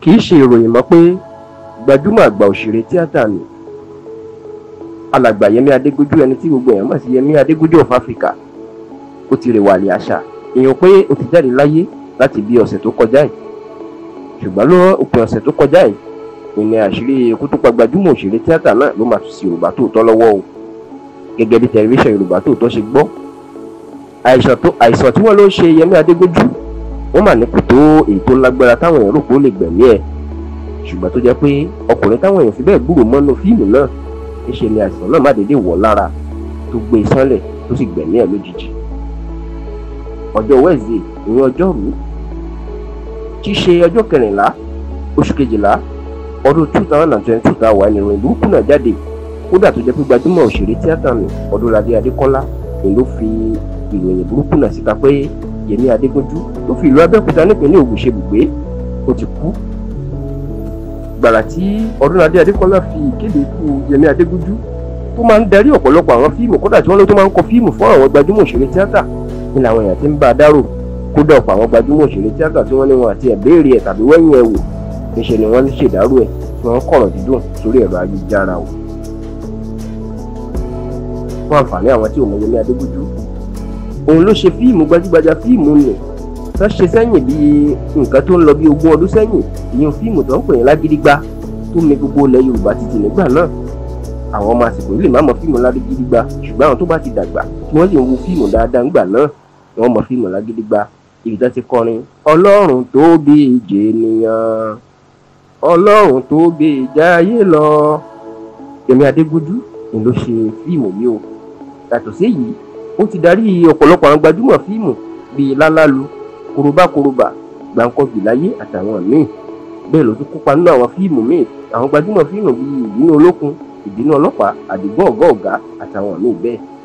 kì í ṣe ìròyìn mọ́ pé gbajúmọ̀ àgbà òṣèré tíátà ni alàgbà Yẹmí Adégójú ẹni tí gbogbo èèyàn mọ̀ sí Yẹmí Adégójú of Africa ó ti rè wàlẹ̀ àṣà èèyàn pé ó ti jáde láyé láti bí ọ̀sẹ̀ tó kọjá yìí ṣùgbọ́n ló òpin ọ̀sẹ̀ tó kọjá yìí ìní àṣírí ikú tó pa gbajúmọ̀ òṣèré tíátà náà ló máa tún sí Yorùbá Tòótọ́ lọ́wọ́ o gẹ́gẹ́ bí tẹlifíṣàn Yorùbá Tòótọ́ ṣe gbọ́ àìsàn tí wọ́n ló ń ṣe Yẹmí Adégójú ó mà ní kò tó èyí tó lágbára táwọn èèyàn rò pé ó lè gbẹ̀mí ẹ̀ ṣùgbọ́n tó jẹ́ pé ọkùnrin táwọn èèyàn fi bẹ́ẹ̀ gbúrò mọ́nú fíìmù náà ńṣe ni àìsàn náà má dédé wọ̀ lára tó gbé e sánlẹ̀ tó sì gbẹ̀mí ẹ̀ lójijì ọjọ́ wẹ́ẹ̀sì ìyẹn ọjọ́rú tí ṣe ọjọ́ kẹrìnlá oṣù kejìlá ọdún two thousand and twenty two ta wà ní ìròyìn burúkú náà jáde kódà tó jẹ́ pé gbajúmọ̀ òṣèré tíátà ní Ọdúnladé Adékọ́lá ni ló fi ìròyìn burúkú náà síta pé yẹmí adégúnjú tó fi ìlú abẹ́òkúta nípínlẹ̀ ògùn ṣe bùgbé ó ti kú gbàrà tí ọdúnladé adékọlá fi ìkéde ikú yẹmí adégúnjú tó máa ń darí ọ̀pọ̀lọpọ̀ àwọn fíìmù kódà tí wọ́n ló tó máa ń kọ fíìmù fún àwọn gbajúmọ̀ òṣèré tíátà ni làwọn èèyàn ti ń bá a dárò kódà ọ̀pọ̀ àwọn gbajúmọ̀ òṣèré tíátà tí wọ́n ní wọn àti ẹ̀bẹ́ẹ̀rẹ̀ ẹ̀ tàbí wẹ́yìn ẹ̀ wò níṣẹ́ ni wọ́n ń ṣèdárò ẹ̀ tí wọ́n kọ̀rọ̀ dídùn sórí ẹ̀rọ ayélujára o fún àǹfààní àwọn tí ò mọ Yẹmí Adégúnjú òun ló ṣe fíìmù gbajúgbajà fíìmù nì tó ṣe sẹ́yìn bíi nǹkan tó ń lọ bíi ogún ọdún sẹ́yìn ìyẹn fíìmù tó ń pè ní lágídígbá tó mì gbogbo ilẹ̀ yorùbá títí nígbà náà àwọn ọmọ àsìkò yìí lè má mọ fíìmù lágídígbá ṣùgbọ́n àwọn tó bá ti dàgbà tí wọ́n lè wo fíìmù dáadáa ńgbà náà ni wọ́n mọ fíìmù lágídígbá ibi tó ti kọrin ọlọ́run tóbi ìjẹ ènìyàn ọlọ́run tóbi ìjà ayé lọ èmi adégúdú ni ló ṣe fíìmù mi o yàtọ̀ sí èyí ó ti darí ọ̀pọ̀lọpọ̀ àwọn gbajúmọ̀ fíìmù bíi lálálu korobákorobà gbàǹkọ̀bì láyé àtàwọn míì bẹ́ẹ̀ ló tún kópa nínú àwọn fíìmù míì àwọn gbajúmọ̀ fíìmù bíi ìbínú olókun ìbínú ọlọ́pàá àdìgbò ọ̀gá ọ̀gá àtàwọn míì bẹ́ẹ̀